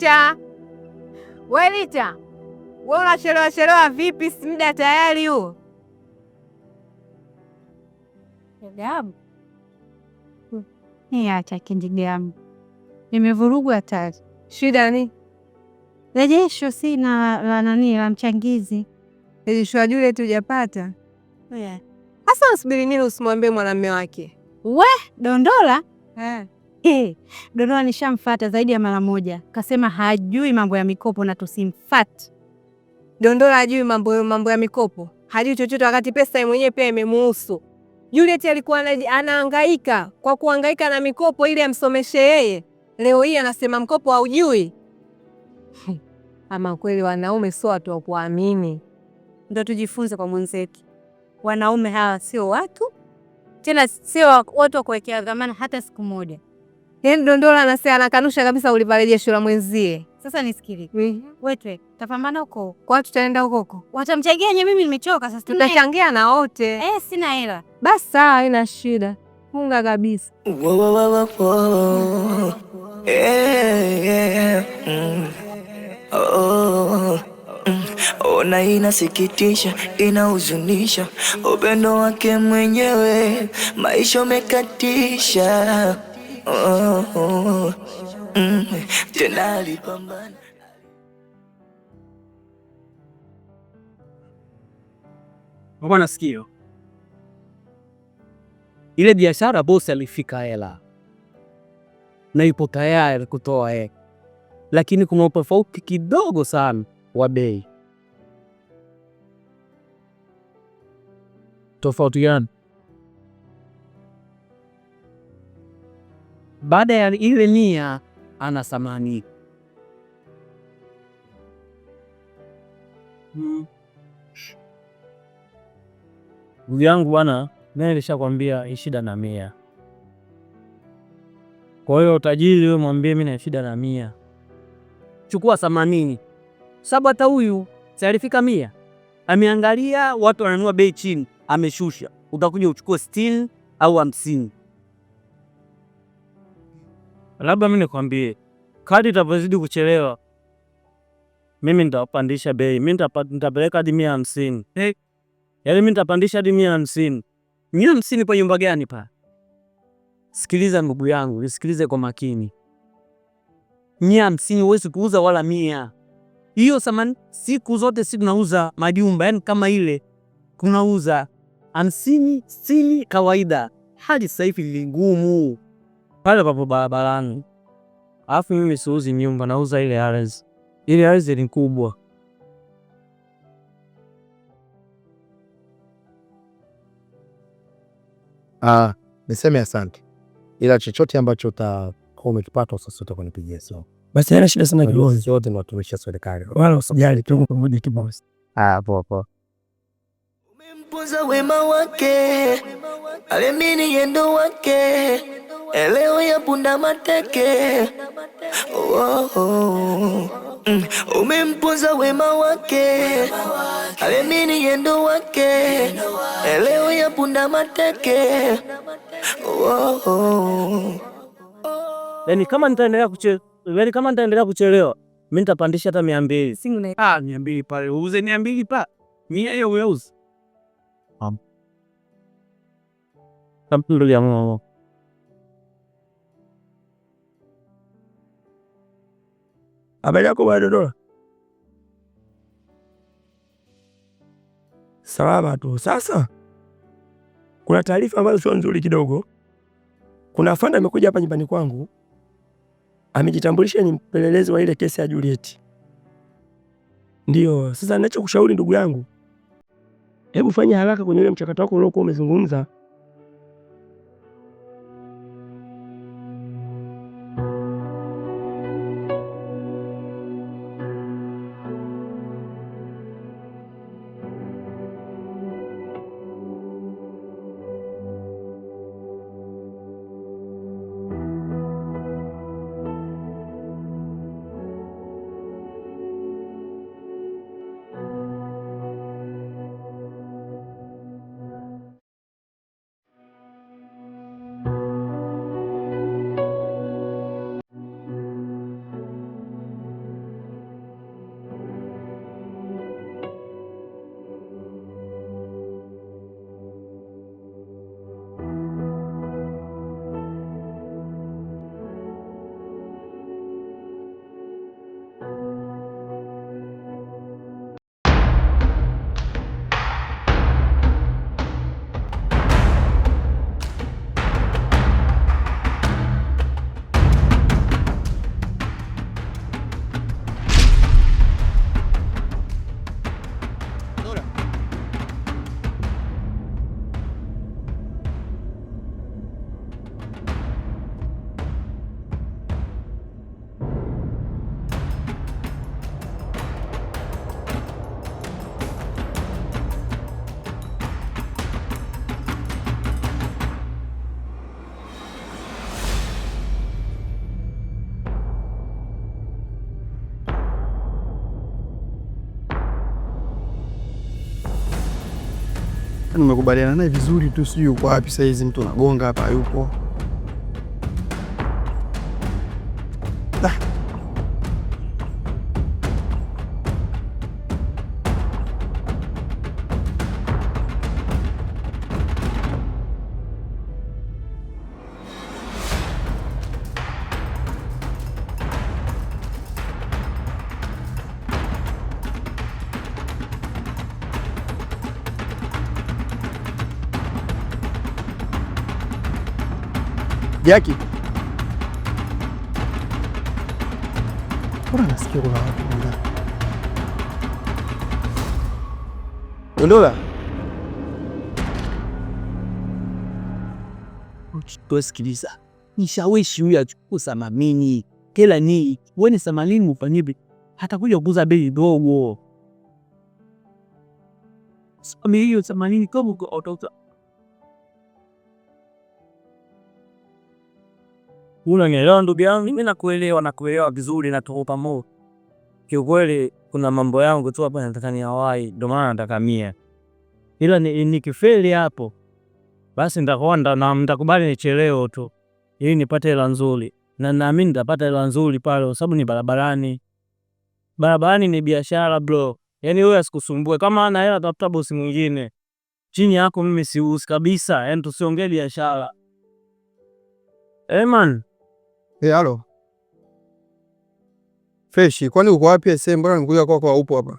Welita, Welita, we unachelewa chelewa vipi? Si muda tayari huo. ni acha kindigamu, nimevurugwa tari. Shida ni rejesho sina la nani la mchangizi, rejesho jule tu hujapata? Hasa yeah. Nasubiri nini? Usimwambie mwanamume wake we dondola eh. Hey, eh, nishamfata zaidi ya mara moja, kasema hajui mambo ya mikopo na tusimfati. Dondola hajui mambo, mambo ya mikopo, hajui chochote, wakati pesa mwenyewe pia imemuhusu. Juliet alikuwa anahangaika kwa kuhangaika na mikopo ili amsomeshe yeye, leo hii anasema mkopo haujui. Ama kweli wanaume sio watu wa kuamini. Ndio tujifunze kwa mwenzetu, wanaume hawa sio watu tena, sio watu wa kuwekea dhamana hata siku moja. Yaani Dondola anasema anakanusha kabisa uliparejesho la mwenzie. Sasa nisikilize. Mm -hmm. Wetwe, tapambana huko. Kwa watu tutaenda huko huko. Watamchangia nyewe mimi nimechoka sasa. Tutachangia na wote. Eh, sina hela. Basi sawa, haina shida. Funga kabisa. Wo wo wo wo. Eh eh. Mm. Oh. Mm. Ona inasikitisha, inahuzunisha, upendo wake mwenyewe maisha umekatisha oh, sikio ile biashara, bosi alifika hela na ipo tayari kutoa hela, lakini kuna utofauti kidogo sana wa bei. Tofauti gani? baada ya ile nia ana thamani hmm. ndugu hmm. yangu bwana, mimi nilishakwambia ishida na mia. Kwa hiyo utajiri wewe mwambie mimi na shida na mia, chukua thamanini sababu hata huyu tayarifika mia, ameangalia watu wananua bei chini, ameshusha. Utakuja uchukue sitini au hamsini. Labda mimi nikwambie, kadi itavyozidi kuchelewa, mimi nitapandisha bei, mi nitapeleka hadi mia hamsini. Hey. Eh, yaani mimi nitapandisha hadi mia hamsini. Mia hamsini pa nyumba gani pa? Sikiliza ndugu yangu, nisikilize kwa makini. Mia hamsini huwezi kuuza wala mia hiyo samani. Siku zote si tunauza majumba, yaani kama ile tunauza hamsini sitini kawaida, hadi sasa hivi ni ngumu pale papo barabarani, alafu mimi siuzi nyumba, nauza ile ardhi. Ile ardhi ni kubwa, ah, niseme asante, ila chochote ambacho utakuwa umekipata sasa utakunipigia simu. Basi hana shida sana kiongozi, wote ni watumishi wa serikali, wala usijali, tuko pamoja kibosi. Ah, poa poa. Umempoza wema wake, alemini yendo wake Eleo ya bunda mateke oh, oh. Mm. Umempoza wema wake alemini yendo wake eleo ya bunda mateke oh, oh. kama nitaendelea kuchelewa, yani kama nitaendelea kuchelewa mimi nitapandisha hata mia mbili ah, mia mbili pale uuze mia mbili pa mia hiyo uyeuze Habari yako bwana Dola? Salama tu. Sasa kuna taarifa ambazo sio nzuri kidogo. Kuna fanda amekuja hapa nyumbani kwangu, amejitambulisha ni mpelelezi wa ile kesi ya Juliet. Ndiyo, sasa ninachokushauri ndugu yangu, hebu fanya haraka kwenye ule mchakato wako uliokuwa umezungumza umekubaliana naye vizuri tu, sijui uko wapi saizi, mtu anagonga hapa, yupo Jaki, mbona nasikia kuna watu? Ondola, tusikiliza. Nishawishi huyu achukue samamini kila nii weni samalini mufanyibi, hatakuja kuuza bei dogo. Sami kama utauza Unanielewa ndugu yangu? Mimi nakuelewa, nakuelewa vizuri na tuko pamoja. Kiukweli kuna mambo yangu tu hapa nataka ni hawai, ndio maana nataka mia. Ila nikifeli hapo basi ndakwenda na nitakubali nichelewe tu ili nipate hela nzuri, na naamini nitapata hela nzuri pale, kwa sababu ni barabarani. Barabarani ni biashara bro, yani wewe asikusumbue. Kama ana hela tafuta bosi mwingine, chini yako mimi siusi kabisa, yani tusiongee biashara. Eman, Hey, eh, halo. Freshi, kwani uko wapi sasa? Mbona nikuja kwako haupo hapa?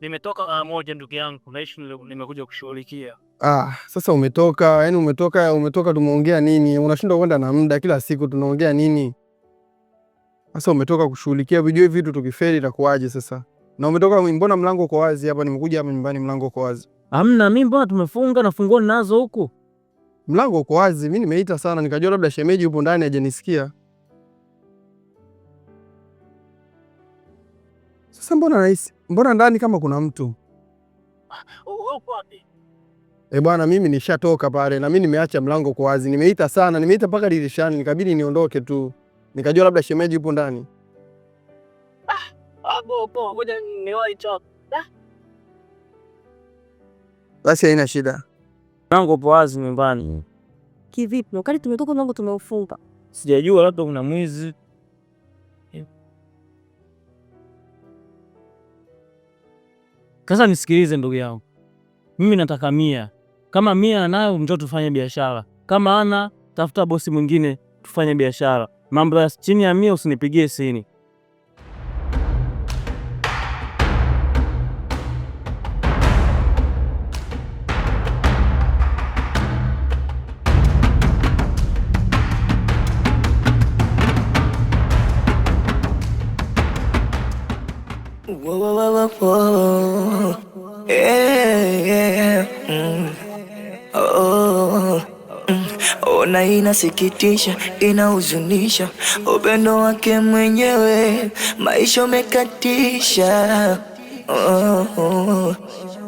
Nimetoka mara ah, moja ndugu yangu, na nimekuja kushughulikia. Ah, sasa umetoka, yaani umetoka umetoka tumeongea nini? Unashindwa kwenda na muda kila siku tunaongea nini? Sasa umetoka kushughulikia vijue vitu tukifeli itakuwaje sasa? Na umetoka mbona mlango uko wazi hapa? Nimekuja hapa nyumbani mlango uko wazi. Amna, mimi mbona tumefunga na funguo nazo huku mlango uko wazi, mi nimeita sana, nikajua labda shemeji yupo ndani hajanisikia. Sasa mbona rahisi, mbona ndani kama kuna mtu E bwana, mimi nishatoka pale na mi nimeacha mlango uko wazi, nimeita sana, nimeita mpaka dirishani, nikabidi niondoke tu, nikajua labda shemeji yupo ndani. Ah, Basi haina shida. Mlango upo wazi nyumbani. Mm. Kivipi? Wakati tumetoka mlango tumeufunga. Sijajua labda kuna mwizi. Sasa nisikilize ndugu yangu. Mimi nataka mia. Kama mia anayo mjo tufanye biashara. Kama ana tafuta bosi mwingine tufanye biashara. Mambo ya chini ya mia usinipigie sini. ona inasikitisha, inahuzunisha, upendo wake mwenyewe maisha umekatisha. Oh, oh, oh.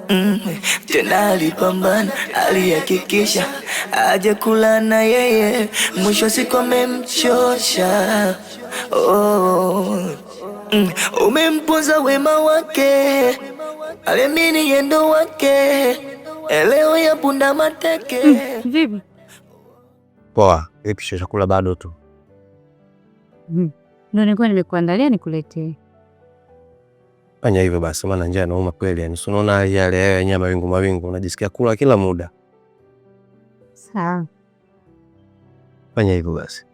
Mm, tena alipambana, alihakikisha aje kula na yeye, mwisho siku amemchosha. Oh, mm, wema wake, alemini yendo wake, eleo ya bunda mateke. Mm, Poa, ipisha chakula bado tu. ndo mm-hmm. Ndio nilikuwa nimekuandalia nikuletee. Fanya hivyo basi, maana njaa inauma kweli. Yani unaona hali yale yenyewe mawingu mawingu, unajisikia kula kila muda. Sawa. Fanya hivyo basi.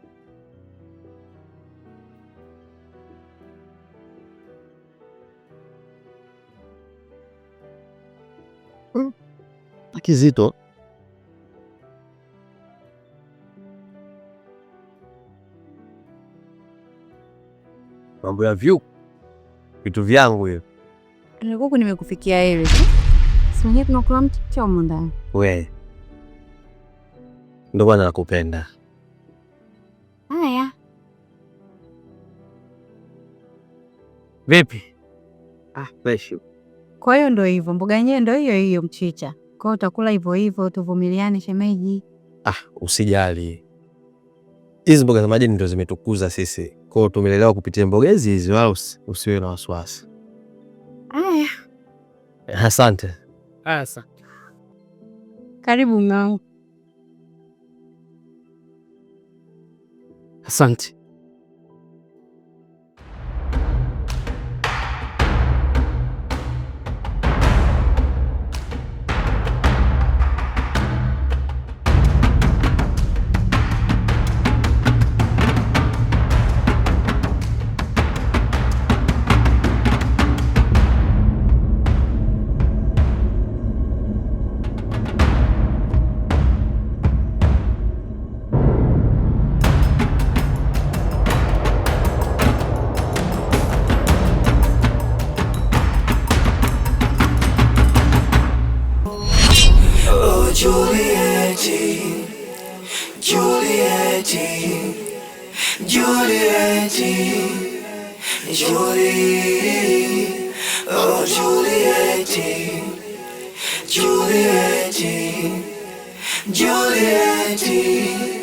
Hmm. Kizito mambo ya vyu vitu vyangu hivi. Kuku nimekufikia hivi tu. Sasa tunakula mchicha huko ndani. We. ndo bwana nakupenda. Haya. Vipi? Ah, fresh. Kwa hiyo ndo hivyo, mboga yenyewe ndo hiyo hiyo mchicha. Kwa hiyo utakula hivyo hivyo, tuvumiliane shemeji. Ah, usijali. Hizi mboga za majini ndio zimetukuza sisi. Kwao tumelelewa kupitia mbogezi hizi, wala usiwe na wasiwasi. asante. asante. Karibu mwanangu. Asante. Giulietti, Giulietti, Giulietti, Giulie, oh Giulietti, Giulietti, Giulietti.